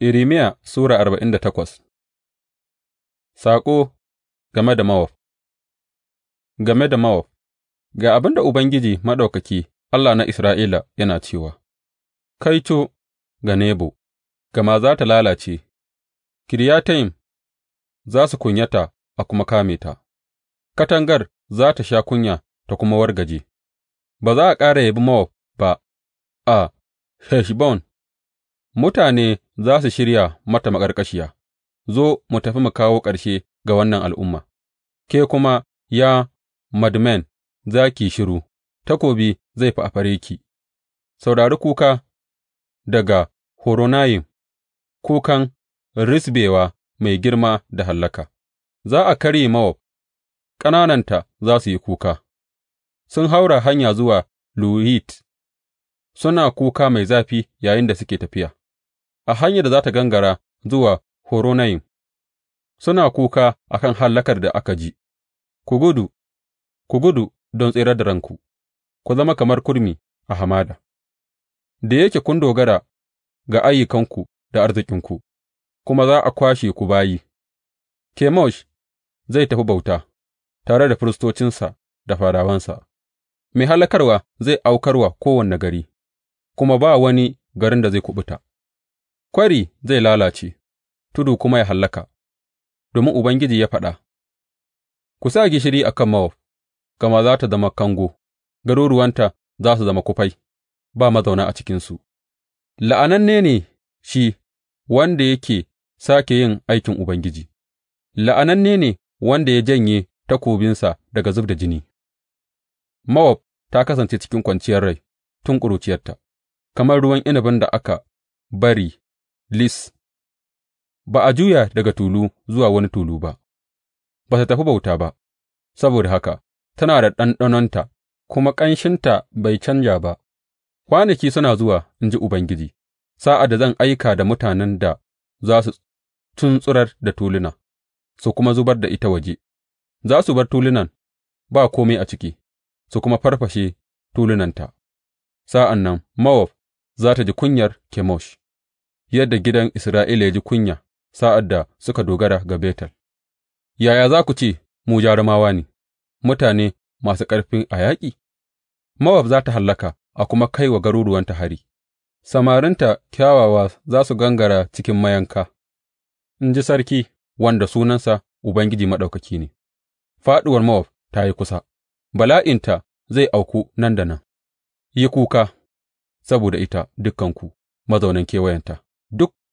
Irimiya Sura arba'in da takwas Saƙo game da mawaf. Game da Mawaf Ga abin da Ubangiji Maɗaukaki, Allah na Isra'ila, yana cewa, Kaito ga Nebo, gama za ta lalace, Kiryatayim za su kunyata a kuma kame ta, katangar za ta sha kunya ta kuma wargaje, ba za a ƙara yabi mawaf ba a Heshbon Mutane za su shirya mata maƙarƙashiya, Zo, mu tafi mu kawo ƙarshe ga wannan al'umma, ke kuma, ya Madmen, za ki shiru, takobi zai fafare ki, saurari kuka daga Horonayim, kukan risbewa mai girma da hallaka, za a karye Mowab, ƙanananta za su yi kuka, sun haura hanya zuwa Luhit, suna kuka mai zafi da suke tafiya. a hanyar da za tă gangara zuwa Horonayim, suna kuka a kan hallakar da aka ji, Ku gudu, ku gudu don tsirar da ranku, ku zama kamar kurmi a hamada, da yake kun dogara ga ayyukanku da arzikinku, kuma za a kwashe ku bayi, Kemosh zai tafi bauta tare da firistocinsa da farawansa mai halakarwa zai aukarwa wa kowane gari, kuma ba wani garin da zai kubuta. kwari zai lalace, tudu kuma ya hallaka, domin Ubangiji ya faɗa, Ku sa gishiri a kan Mowab, gama za ta zama kango, garuruwanta za su zama kufai, ba mazauna a cikinsu. La'ananne ne shi wanda yake sake yin aikin Ubangiji, la'ananne ne wanda ya janye takobinsa daga zub da jini. Mawab ta kasance cikin kwanciyar rai tun ƙuruciyarta, kamar ruwan inabin da aka bari lis, ba a juya daga tulu zuwa wani tulu ba, ba ta tafi bauta ba, saboda haka tana da ɗanɗanonta kuma ƙanshinta bai canja ba, kwanaki suna zuwa, in ji Ubangiji, sa'ad da zan aika da mutanen da za su tuntsurar da tuluna, su kuma zubar da ita waje, za su bar tulunan ba kome a ciki, su kuma farfashe tulunanta, sa'an nan Mowab za ta ji kunyar Kemosh. yadda gidan Isra'ila ya ji kunya sa'ad da suka dogara ga Betel, yaya za ku ce, Mu jarumawa ne, mutane masu ƙarfi a yaƙi? Mawab za ta hallaka a kuma kai wa garuruwanta hari, samarinta kyawawa za su gangara cikin mayanka, in ji sarki wanda sunansa Ubangiji Maɗaukaki ne. Faɗuwar Mawab ta yi kusa, bala'inta zai auku nan da nan, yi kuka saboda ita dukanku mazaunan kewayenta.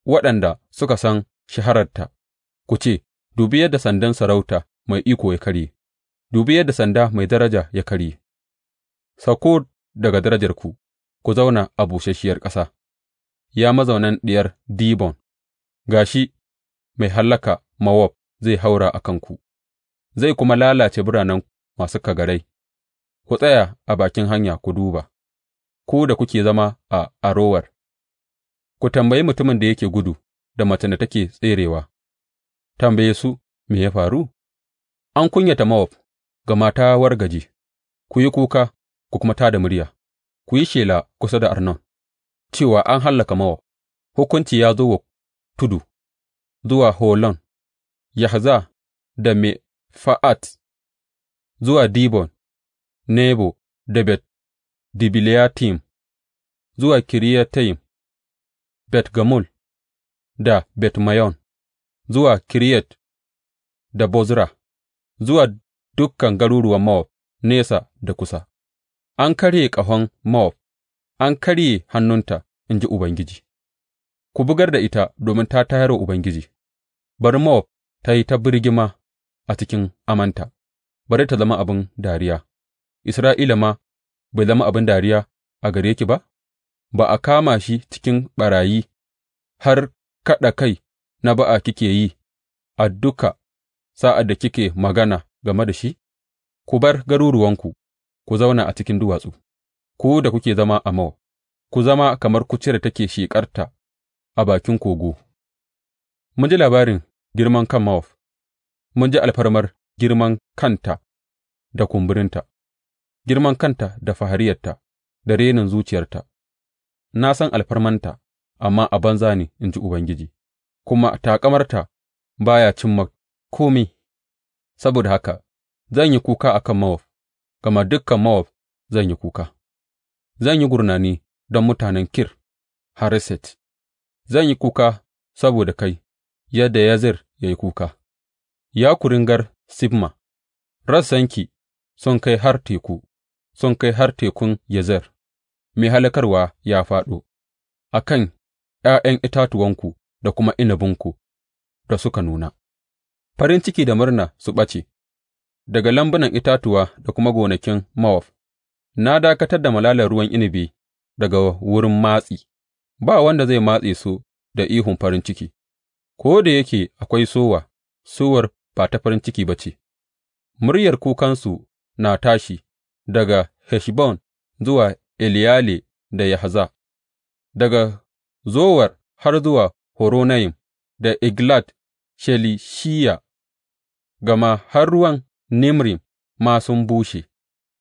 waɗanda suka san shahararta, ku ce, Dubi yadda sandan sarauta mai iko ya karye, dubi yadda sanda mai daraja ya karye, sauko daga darajarku, ku zauna a busasshiyar ƙasa, ya mazaunan Diyar Dibon, Gashi mai hallaka Mawab zai haura a kanku, zai kuma lalace biranen masu kagarai, ku tsaya a bakin hanya ku duba, ku da kuke zama a Arowar. Ku tambayi mutumin da yake gudu da macen da take tserewa, tambaye su, Me ya faru? An kunyata Mowab, gama ta wargaje; ku yi kuka ku kuma ta da murya, ku yi shela kusa da Arnon cewa an hallaka Mowab, hukunci ya zo wa tudu, zuwa Holon, Yahza da Mefa'at, zuwa Dibon, Nebo da Bet Dibiliyatim, zuwa Kiriyatayim. Bet Gamul da Bet Mayon, zuwa Kiriyat da Bozra, zuwa dukkan garuruwan Mawab nesa da kusa. An karye ƙahon Mawab, an karye hannunta, in ji Ubangiji. Ku bugar da ita domin ta tayar wa Ubangiji; bari Mawab ta yi ta birgima a cikin amanta, bari ta zama abin dariya, Isra'ila ma bai zama abin dariya a gare ki ba? ba a kama shi cikin ɓarayi, har kaɗa kai na ba'a kike yi a duka sa'ad da kike magana game da shi? Ku bar garuruwanku, ku zauna a cikin duwatsu, ku da kuke zama a Mowab, ku zama kamar kuciyar da take sheƙarta a bakin kogo. Mun ji labarin girman kan Mowab, mun ji alfarmar girman kanta da kumburinta, girman kanta da fahariyarta da renin zuciyarta. Na san alfarmanta, amma a banza ne, in ji Ubangiji, kuma taƙamarta ba ya cimma kome, saboda haka zan yi kuka a kan Mawaf, gama dukan Mawaf zan yi kuka, zan yi gurnani don mutanen Kir Hareset, zan yi kuka saboda kai, yadda Yazir ya yi kuka, ya kuringar Sibma, rassanki sun kai har teku, sun kai har tekun Yazer. mai hallakarwa ya fāɗo a kan ’ya'yan itatuwanku da kuma inabinku da suka nuna, farin ciki da murna su ɓace daga lambunan itatuwa da kuma gonakin Mawaf, na dakatar da malalar ruwan inabi daga wurin matsi, ba wanda zai matse su da ihun farin ciki, ko da yake akwai sowa, sowar ba ta farin ciki ba ce, muryar kukansu na tashi daga Heshbon zuwa Eliyale da Yahza, daga Zowar har zuwa Horonayim da Eglat Shelishiya, gama har ruwan Nimrim ma sun bushe;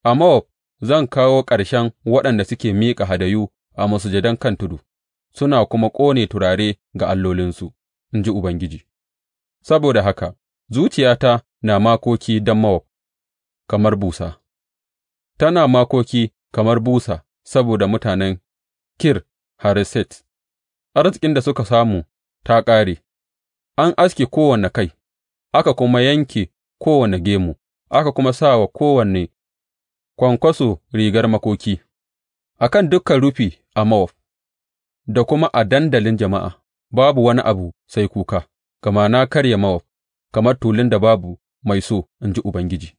a Mowab zan kawo ƙarshen waɗanda suke miƙa hadayu a masujadan kan tudu suna kuma ƙone turare ga allolinsu, in ji Ubangiji, saboda haka zuciyata na makoki don Mowab kamar busa, tana makoki kamar busa saboda mutanen Kir Hareset, arzikin da suka samu ta ƙare, an aske kowane kai, aka kuma yanke kowane gemu, aka kuma sa wa kowane kwankwaso rigar makoki, a kan dukan rufi a mawaf. da kuma a dandalin jama'a, babu wani abu sai kuka, gama na karya mawaf. kamar tulun da babu mai so, in ji Ubangiji,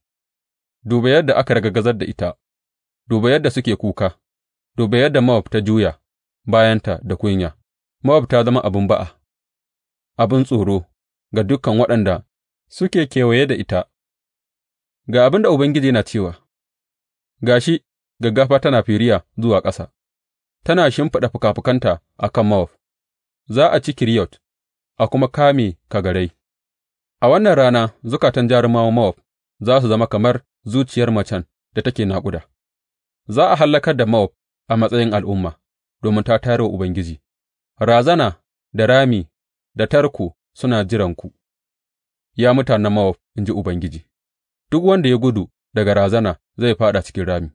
duba yadda aka ragagazar da ita. Duba yadda suke kuka, duba yadda Mowab ta juya bayanta da kunya; Mowab ta zama abin ba'a, abin tsoro ga dukan waɗanda suke kewaye da ita, Ga abin da Ubangiji yana cewa, Ga shi, gaggafa tana firiya zuwa ƙasa, tana shimfiɗa fikafikanta a kan Mowab; za a ci kiriyot a kuma kame kagarai, a wannan rana zukatan jarumawan Mowab za su zama kamar zuciyar macen da take naƙuda. Za a hallakar da Mowab a matsayin al'umma, domin ta tayar wa Ubangiji; razana da rami da tarko suna jiranku, ya mutanen Mowab, in ji Ubangiji, duk wanda ya gudu daga razana zai fada cikin rami,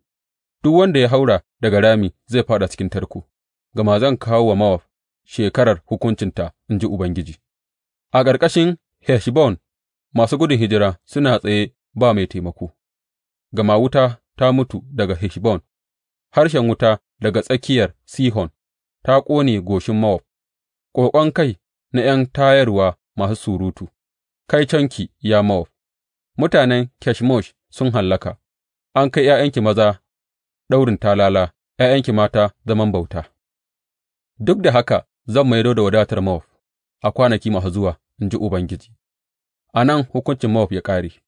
duk wanda ya haura daga rami zai fada cikin tarko, gama zan kawo wa Mowab shekarar hukuncinta, in ji Ubangiji. A ƙarƙashin Heshbon masu gudun hijira suna tsaye ba mai taimako, gama wuta ta mutu daga Heshbon, harshen wuta daga tsakiyar Sihon ta ƙone goshin Mowab, ƙoƙon kai na ’yan tayarwa masu surutu, Kai canki, ya Mowab, mutanen Keshmosh sun hallaka, an kai ’ya'yanki maza ɗaurin talala, ’ya'yanki mata zaman bauta. Duk da haka zan maido da wadatar Mowab a kwanaki masu zuwa, in ji Ubangiji, a nan hukuncin Mowab ya ƙare.